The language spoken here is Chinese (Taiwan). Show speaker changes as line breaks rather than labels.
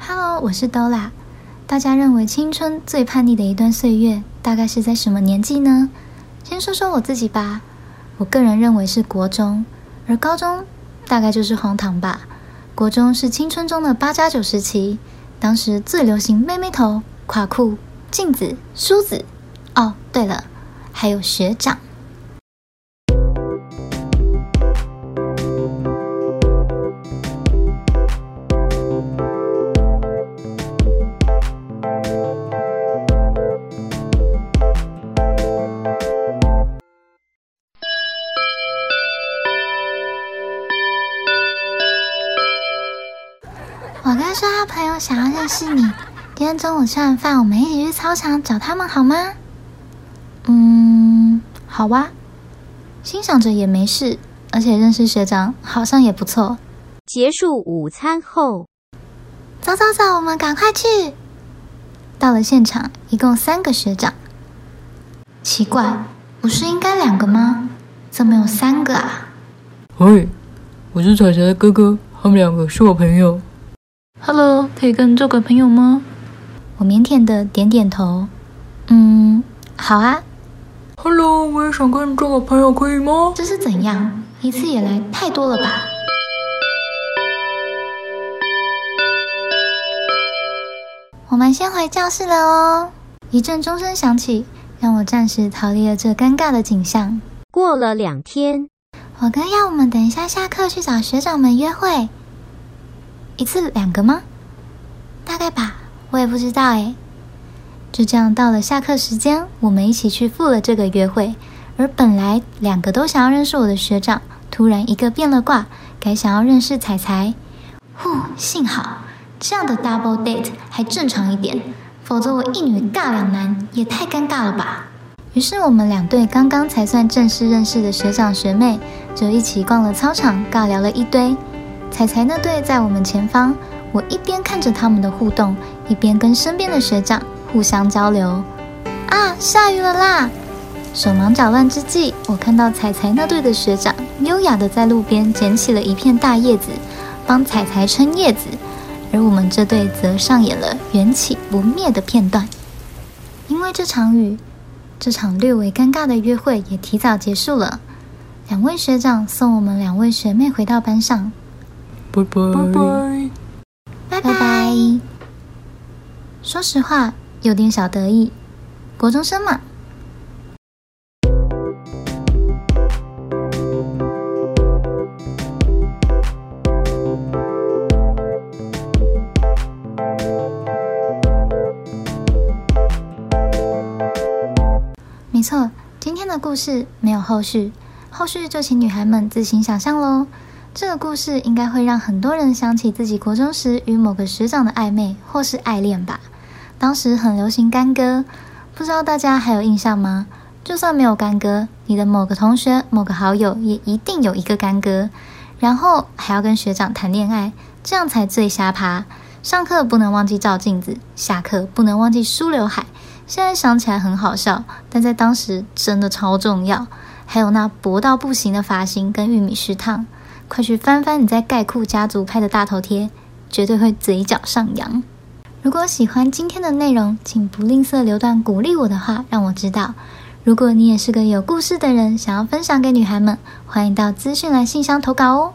Hello，我是 Dola。大家認為青春最叛逆的一段歲月，大概是在什麼年紀呢？先說說我自己吧，我個人認為是國中，而高中大概就是荒唐吧。國中是青春中的八加九時期，當時最流行妹妹頭、垮褲、鏡子、梳子。哦，對了，還有學長。我哥說他朋友想要認識你，今天中午吃完飯，我們一起去操場找他們好嗎？嗯，好吧。欣賞着也沒事，而且認識學長好像也不錯。結束午餐後，走走走，我們趕快去。到了現場，一共三個學長。奇怪，不是應該兩個嗎？怎麼有三個啊？喂，我是彩霞的哥哥，他們兩個是我朋友。Hello，可以跟你做個朋友嗎？我靦腆的點點頭。嗯，好啊。Hello，我也想跟你做個朋友，可以嗎？這是怎樣？一次也來太多了吧。 我們先回教室了哦。一陣鐘聲響起，讓我暫時逃離了這尷尬的景象。過了兩天，我哥要我們等一下下課去找學長們約會。一次兩個嗎？大概吧，我也不知道哎。就這樣到了下課時間，我們一起去赴了這個約會。而本來兩個都想要認識我的學長，突然一個變了卦，改想要認識彩彩。呼，幸好這樣的 double date 還正常一點，否則我一女尬兩男也太尷尬了吧。於是我們兩對剛剛才算正式認識的學長學妹，就一起逛了操場，尬聊了一堆。彩彩那隊在我們前方，我一邊看着他們的互動，一邊跟身邊的學長互相交流。啊，下雨了啦！手忙腳亂之際，我看到彩彩那隊的學長優雅地在路邊撿起了一片大葉子，幫彩彩撐葉子，而我們這隊則上演了緣起不滅的片段。因為這場雨，這場略微尷尬的約會也提早結束了。兩位學長送我們兩位學妹回到班上。拜拜拜拜！說實話，有點小得意，國中生嘛。沒錯，今天的故事沒有後續，後續就請女孩們自行想象嘍。這個故事應該會讓很多人想起自己國中時與某個學長的曖昧或是愛戀吧。當時很流行乾哥，不知道大家還有印象嗎？就算沒有乾哥，你的某個同學、某個好友也一定有一個乾哥，然後還要跟學長談戀愛，這樣才最瞎爬。上課不能忘記照鏡子，下課不能忘記梳劉海。現在想起來很好笑，但在當時真的超重要。還有那薄到不行的髮型跟玉米鬚燙。快去翻翻你在蓋酷家族拍的大頭貼，絕對會嘴角上揚。如果喜歡今天的內容，請不吝嗇留段鼓勵我的話，讓我知道。如果你也是個有故事的人，想要分享給女孩們，歡迎到資訊欄信箱投稿哦。